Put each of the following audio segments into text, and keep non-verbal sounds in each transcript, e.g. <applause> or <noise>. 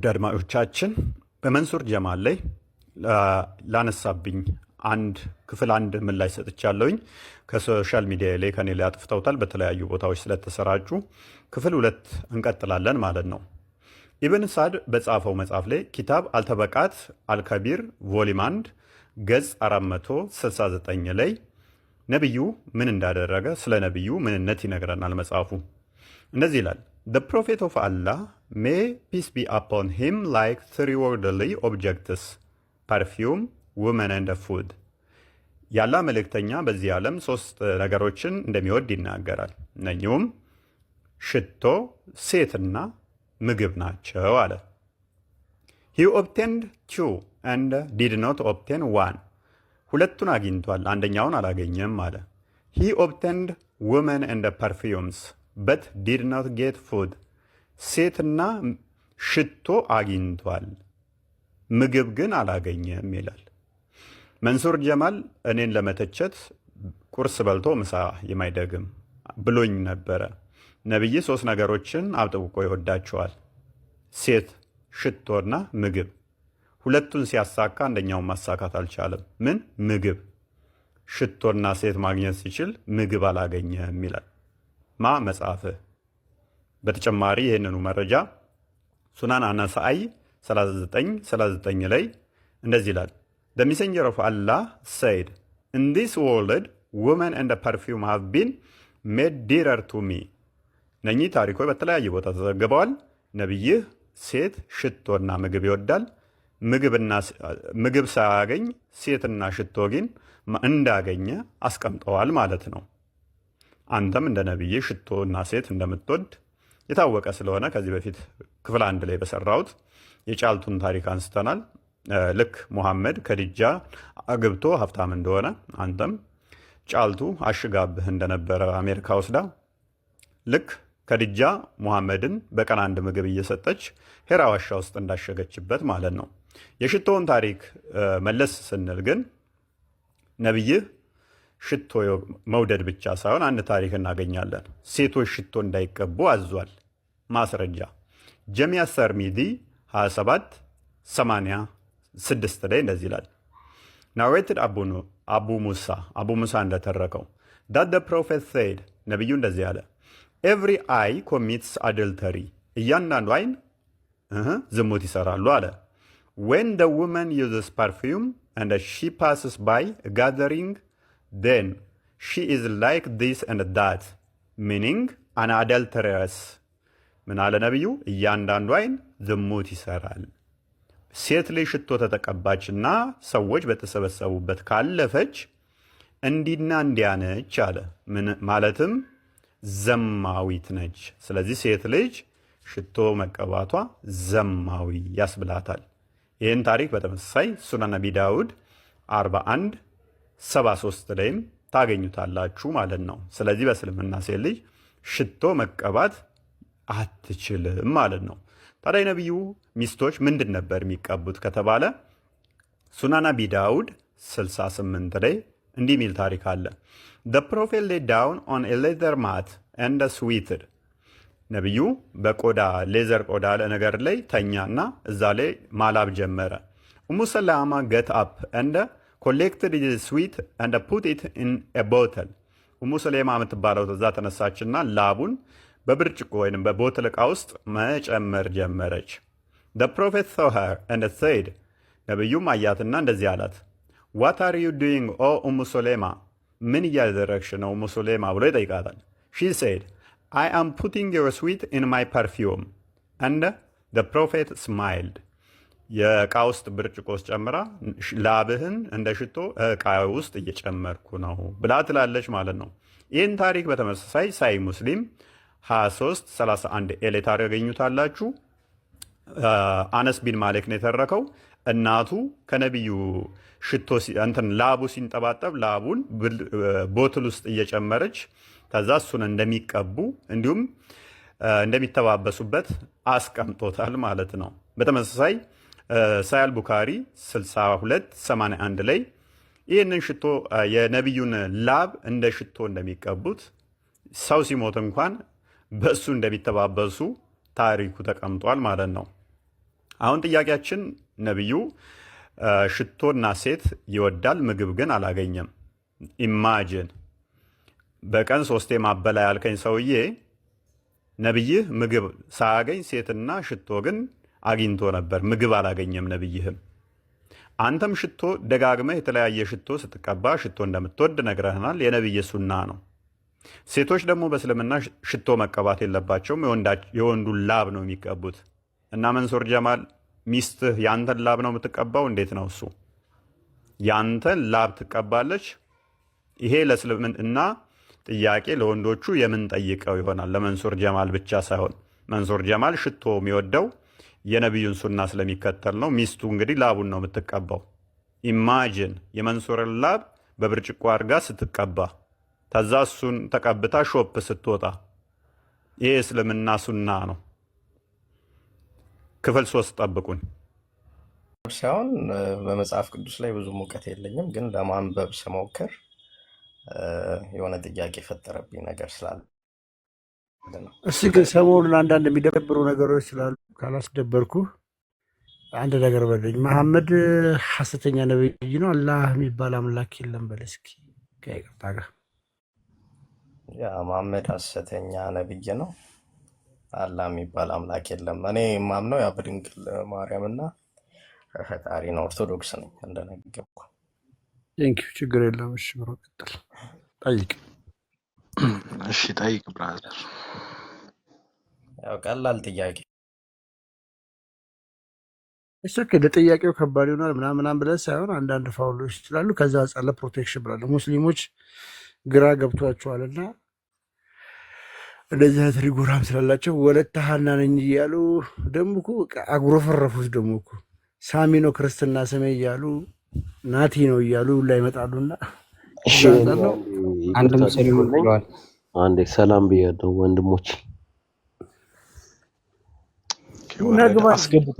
ውድ አድማጮቻችን በመንሱር ጀማል ላይ ላነሳብኝ አንድ ክፍል አንድ ምላሽ ሰጥቻለሁኝ። ከሶሻል ሚዲያ ላይ ከኔ ላይ አጥፍተውታል በተለያዩ ቦታዎች ስለተሰራጩ ክፍል ሁለት እንቀጥላለን ማለት ነው። ኢብን ሳድ በጻፈው መጽሐፍ ላይ ኪታብ አልተበቃት አልከቢር ቮሊም አንድ ገጽ 469 ላይ ነቢዩ ምን እንዳደረገ ስለ ነቢዩ ምንነት ይነግረናል መጽሐፉ። እንደዚህ ይላል ፕሮፌት ኦፍ አላህ May peace be upon him like three worldly objects perfume, women and food ያላ መልእክተኛ በዚህ ዓለም ሶስት ነገሮችን እንደሚወድ ይናገራል። እነኚሁም ሽቶ፣ ሴትና ምግብ ናቸው አለ። ሂ ኦብቴንድ ቱ አንድ ዲድ ኖት ኦብቴን ዋን፣ ሁለቱን አግኝቷል፣ አንደኛውን አላገኘም አለ። ሂ ኦብቴንድ ውመን አንድ ፐርፊዩምስ በት ዲድ ኖት ጌት ፉድ ሴትና ሽቶ አግኝቷል፣ ምግብ ግን አላገኘም ይላል። መንሱር ጀማል እኔን ለመተቸት ቁርስ በልቶ ምሳ የማይደግም ብሎኝ ነበረ። ነቢይ ሶስት ነገሮችን አጥብቆ ይወዳቸዋል፣ ሴት፣ ሽቶና ምግብ። ሁለቱን ሲያሳካ አንደኛውን ማሳካት አልቻለም። ምን ምግብ? ሽቶና ሴት ማግኘት ሲችል ምግብ አላገኘም ይላል። ማ መጽሐፍህ በተጨማሪ ይህንኑ መረጃ ሱናን አናሳአይ 3939 ላይ እንደዚህ ይላል። ዘ ሜሴንጀር ኦፍ አላህ ሰይድ ኢን ዚስ ወርልድ ውመን እንደ ፐርፊውም ሃቭ ቢን ሜድ ዲረር ቱ ሚ። እነኚህ ታሪኮች በተለያየ ቦታ ተዘግበዋል። ነቢይህ ሴት ሽቶና ምግብ ይወዳል። ምግብ ሳያገኝ ሴትና ሽቶ ግን እንዳገኘ አስቀምጠዋል ማለት ነው። አንተም እንደ ነቢይህ ሽቶና ሴት እንደምትወድ የታወቀ ስለሆነ ከዚህ በፊት ክፍል አንድ ላይ በሰራሁት የጫልቱን ታሪክ አንስተናል። ልክ ሙሐመድ ከድጃ አግብቶ ሀብታም እንደሆነ አንተም ጫልቱ አሽጋብህ እንደነበረ አሜሪካ ወስዳ ልክ ከድጃ ሙሐመድን በቀን አንድ ምግብ እየሰጠች ሄራ ዋሻ ውስጥ እንዳሸገችበት ማለት ነው። የሽቶውን ታሪክ መለስ ስንል ግን ነቢይህ ሽቶ መውደድ ብቻ ሳይሆን አንድ ታሪክ እናገኛለን። ሴቶች ሽቶ እንዳይቀቡ አዟል። ማስረጃ ጀሚያ ሰርሚዲ 27 86 ላይ እንደዚህ ይላል። ናሬትድ አቡ ሙሳ አቡ ሙሳ እንደተረከው ዳት ፕሮፌት ሰይድ ነቢዩ እንደዚህ አለ፣ ኤቭሪ አይ ኮሚትስ አድልተሪ እያንዳንዱ አይን ዝሙት ይሰራሉ አለ። ዌን ደ ውመን ዩዝስ ፐርፊም አንድ ሺ ፓስስ ባይ ጋዘሪንግ then she is like this and that meaning አንአደልተሪየስ ምን አለ ነቢዩ እያንዳንዱ አይን ዝሙት ይሰራል። ሴት ልጅ ሽቶ ተጠቀባችና ሰዎች በተሰበሰቡበት ካለፈች እንዲና እንዲያነች ነች አለ። ማለትም ዘማዊት ነች። ስለዚህ ሴት ልጅ ሽቶ መቀባቷ ዘማዊ ያስብላታል። ይህን ታሪክ በተመሳሳይ ሱና ነቢ ዳውድ 41 73 ላይም ታገኙታላችሁ ማለት ነው። ስለዚህ በእስልምና ሴት ልጅ ሽቶ መቀባት አትችልም ማለት ነው። ታዲያ የነቢዩ ሚስቶች ምንድን ነበር የሚቀቡት ከተባለ ሱናና ቢዳውድ 68 ላይ እንዲህ የሚል ታሪክ አለ። ደ ፕሮፌት ሌ ዳውን ኦን ሌዘር ማት እንደ ስዊትድ ነቢዩ በቆዳ ሌዘር ቆዳ ነገር ላይ ተኛና እዛ ላይ ማላብ ጀመረ። ሙሰላማ ገት አፕ እንደ ኮሌክትድ ኢዝ ስዊት አንድ ፑት ኢት ኢን ቦትል ኡሙ ሱሌማ የምትባለው እዛ ተነሳችና ላቡን በብርጭቆ ወይም በቦትል ዕቃ ውስጥ መጨመር ጀመረች። ደ ፕሮፌት ሰው ሄር እንደ ሰይድ ነቢዩም አያትና እንደዚህ አላት፣ ዋት አር ዩ ዱይንግ ኦ ኡሙ ሱሌማ፣ ምን እያደረግሽ ነው ኡሙ ሱሌማ ብሎ ይጠይቃታል። ሺ ሰይድ አይ አም ፑቲንግ ዮር ስዊት ኢን ማይ ፐርፊውም እንደ ደ ፕሮፌት ስማይልድ የእቃ ውስጥ ብርጭቆስ ጨምራ ላብህን እንደ ሽቶ እቃ ውስጥ እየጨመርኩ ነው ብላ ትላለች ማለት ነው። ይህን ታሪክ በተመሳሳይ ሳይ ሙስሊም 2331 ኤሌ ታሪክ ያገኙታላችሁ። አነስ ቢን ማሊክ ነው የተረከው። እናቱ ከነቢዩ ሽቶ እንትን ላቡ ሲንጠባጠብ ላቡን ቦትል ውስጥ እየጨመረች ከዛ እሱን እንደሚቀቡ እንዲሁም እንደሚተባበሱበት አስቀምጦታል ማለት ነው። በተመሳሳይ ሳያል ቡካሪ 6281 ላይ ይህንን ሽቶ የነቢዩን ላብ እንደ ሽቶ እንደሚቀቡት ሰው ሲሞት እንኳን በእሱ እንደሚተባበሱ ታሪኩ ተቀምጧል ማለት ነው። አሁን ጥያቄያችን ነቢዩ ሽቶና ሴት ይወዳል፣ ምግብ ግን አላገኘም። ኢማጅን በቀን ሶስቴ ማበላ ያልከኝ ሰውዬ ነቢይህ ምግብ ሳያገኝ ሴትና ሽቶ ግን አግኝቶ ነበር፣ ምግብ አላገኘም። ነብይህም አንተም ሽቶ ደጋግመህ የተለያየ ሽቶ ስትቀባ ሽቶ እንደምትወድ ነግረህናል። የነብይ ሱና ነው። ሴቶች ደግሞ በእስልምና ሽቶ መቀባት የለባቸውም። የወንዱን ላብ ነው የሚቀቡት። እና መንሶር ጀማል ሚስትህ ያንተን ላብ ነው የምትቀባው? እንዴት ነው እሱ? ያንተን ላብ ትቀባለች። ይሄ ለእስልምና ጥያቄ ለወንዶቹ የምንጠይቀው ይሆናል፣ ለመንሶር ጀማል ብቻ ሳይሆን መንሶር ጀማል ሽቶ የሚወደው የነቢዩን ሱና ስለሚከተል ነው። ሚስቱ እንግዲህ ላቡን ነው የምትቀባው። ኢማጅን የመንሱርን ላብ በብርጭቆ አድርጋ ስትቀባ ተዛ እሱን ተቀብታ ሾፕ ስትወጣ፣ ይህ እስልምና ሱና ነው። ክፍል ሶስት ጠብቁኝ። ሳይሆን በመጽሐፍ ቅዱስ ላይ ብዙ ሙቀት የለኝም፣ ግን ለማንበብ ስሞክር የሆነ ጥያቄ የፈጠረብኝ ነገር ስላለ እስ ግን ሰሞኑን አንዳንድ የሚደበሩ ነገሮች ስላሉ ካላስደበርኩ አንድ ነገር በለኝ። መሐመድ ሐሰተኛ ነብይ ነው፣ አላህ የሚባል አምላክ የለም በል እስኪ ከይቅርታ ጋር። መሐመድ ሐሰተኛ ነብይ ነው፣ አላህ የሚባል አምላክ የለም። እኔ የማምነው ያ በድንግል ማርያም እና ፈጣሪ ነው። ኦርቶዶክስ ነኝ እንደነገርኩ። ቴንኪው። ችግር የለም። እሺ ብሮ ቀጥል ጠይቅ <clears throat> እሺ ጠይቅ ብራዘር። ያው ቀላል ጥያቄ እሱ ለጥያቄው ከባድ ይሆናል ምናምን ምናምን ብለህ ሳይሆን አንዳንድ ፋውሎች ይችላሉ። ከዛ አንጻር ፕሮቴክሽን ብላለ ሙስሊሞች ግራ እና እንደዚህ አይነት ሪጎራም ስላላቸው ወለተ ሀና ነኝ እያሉ ደግሞ እኮ አጉረፈረፉት። ደግሞ እኮ ሳሚ ነው ክርስትና ስሜ እያሉ ናቲ ነው እያሉ ላይ ይመጣሉና አንድ ሰላም ብያለሁ ወንድሞች አስገብቶ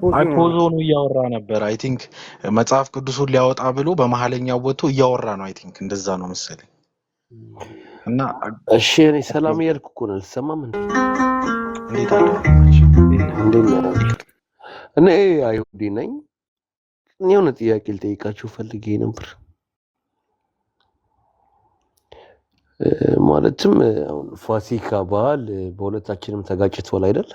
ፖዞ ነው እያወራ ነበር። አይ ቲንክ መጽሐፍ ቅዱሱን ሊያወጣ ብሎ በመሀለኛው ወጥቶ እያወራ ነው። አይ ቲንክ እንደዛ ነው መሰለኝ። እና እሺ፣ እኔ ሰላም እያልኩ እኮ ነው። አልሰማም እንዴ? እንዴት አለ እኔ አይሁዲ ነኝ። የሆነ ጥያቄ ልጠይቃችሁ ፈልጌ ነበር። ማለትም አሁን ፋሲካ በዓል በሁለታችንም ተጋጭቷል አይደል?